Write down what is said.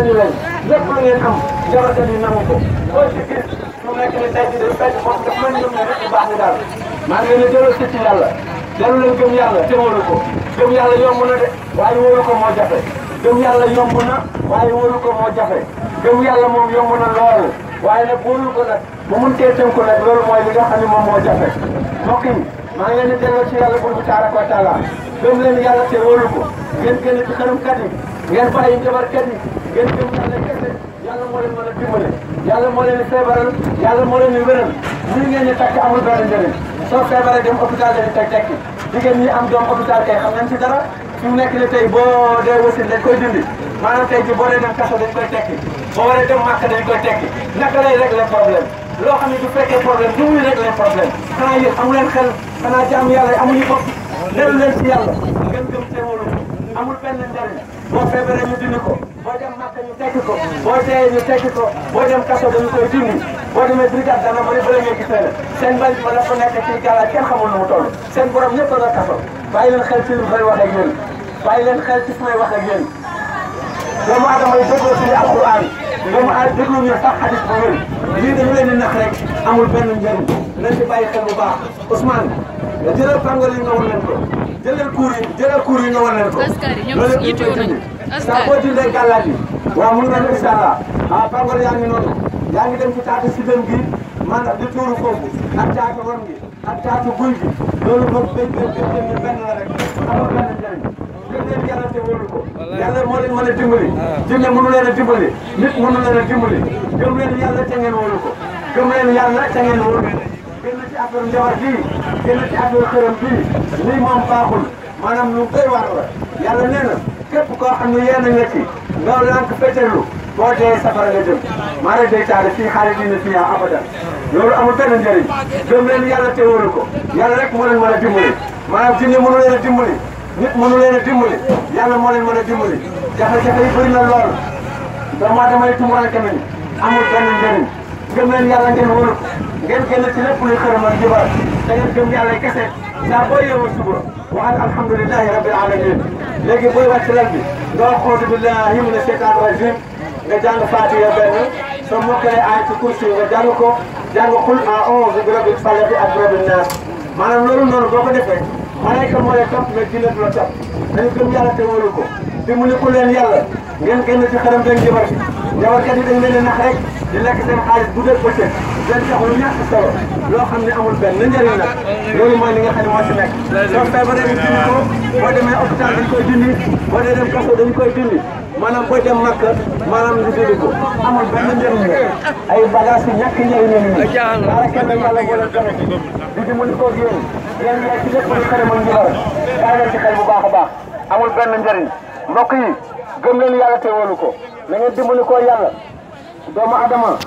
ñu leen lépp lu ngeen am jarote ni nangu ko boo si gis mu nekk ni tey jii ne rek baax ni daal maa ngi si ci yàlla dellu leen yàlla te wóolu ko gëm yàlla yomb na de waaye wóolu ko moo jafe gëm yàlla yomb na waaye wóolu ko moo jafe gëm yàlla moom yomb na lool waaye nag wóolu ko nag mu mun tee tënku nag loolu mooy li nga xam ne moom moo jafe mbokk yi maa ngi leen di si yàlla bur bi taaraka wa taala gëm leen yàlla te wóolu ko ngeen génn ci kanam kat yi ngeen bàyyi njabar kenn ngeen gëm yàlla kese yàlla moo leen mën a dimbale yàlla moo leen di feebaral yàlla moo leen di wéral ñu ngeen ñu takk amul benn njëriñ soo feebaree dem hôpital dañu teg tekki jigéen ñi am doom hôpital kay xam nañ ci dara su nekk ni tey boo dee wasin dañ koy dindi maanaam tey ji boo dee dem kaso dañ koy tekki boo waree dem màkk dañ koy tekki naka lay régler problème loo xam ne du fekkee problème du muy régler problème xanaa yéen amu leen xel xanaa jaam yàlla amuñu bopp nelu leen ci yàlla ne boo feebaree ñu dindi ko boo dem màkk ñu tekki ko boo dee ñu tekki ko boo dem kaso dañu koy dindi boo demee brigade dana bëri bëri ngeen gisee la seen mbay ma la fa nekk ci gàllaaj kenn xamul nu mu toll seen borom ñëpp la kaso bàyyi leen xel ci lu may wax ak yéen bàyyi leen xel ci su may wax ak yéen doomu aadama yi dégloo suñu alquran doomu aadama déglu ñu sax xadis bu wér lii dañu leen di nax rek amul benn njëriñ nañ ci bàyyi xel bu baax Ousmane jëlal pàngoor yi nga woon leen ko jele kuri jele kuri kuur wala ko. askari yi ñoom ñu tuur nañu askar boo jullee gàllaaj mu na mel sala ha ah Pangol ya ngi non ya ngi dem ci taatu sidem gi man di tuuru foofu ak taatu won gi ak taatu guy gi loolu moom benn benn benn la rek amul benn njëriñ jëndee yàlla te wóolu ko yàlla moo leen mën a dimbali jinne mënu leen a dimbali nit mënu leen dimbali gëm leen yàlla te ngeen wóolu ko gëm leen yàlla ngeen wóolu affaire njawar bii génn a affaire këram bii lii moom baaxul maanaam lu doy waar la yàlla nee na képp koo xam ne yéen a nga ci nga lànk féeteerlu boo dee safara nga jëm maa ngi day taale fii xaalis yi ne fii abadan loolu amul benn njëriñ gëm leen yàlla te wóorul ko yàlla rek moo leen mën a dimbali maanaam jinne mënu leen a dimbali nit mënu leen a dimbali yàlla moo a dimbali jafe-jafe yi bëri na lool doomu aadama yi tumuranke nañu amul benn njëriñ gëm leen yàlla a wër ngeen génn ci a luy xërëm ak jibar da a gëm a kese saa boo yeewoo suba waxal alhamdulilahi rabbil alamin léegi booy wàcc lal bi nga wax xootu billahi mina seytaan rajim nga jàng fatiha benn soo mokkale aay ci kursi nga jàng ko jàng xul à onze bi rabbil falaq ak rabbin naas maanaam loolu noonu boo ko defee malayka moo lay topp mais dina du la topp dañu gëm yàlla te wóolu ko dimbali ku leen yàlla ngeen génn ci xaram beeg jabar jabarkat yi dañ leen di nax rek di lekk seen xaalis bu dee bëccëg seen tax lu ñàkk solo loo xam ne amul benn njëriñ nag loolu mooy li nga xam ne moo ci nekk. soo feebaree ñu dindi ko boo demee hôpital dañ koy dindi boo dee dañ koy dindi maanaam boo dem màkk ko amul benn njëriñ la ay bagages yu ñàkk njëriñ la ñu. daanaka kenn di dimbali koog yéen yéen ñëpp ci lépp lu xaramal njabar bàyyi leen ci xel bu baax a baax amul benn njëriñ. mbokk yi gëm leen yàlla te wóolu ko na ngeen dimbali ko yàlla doomu adama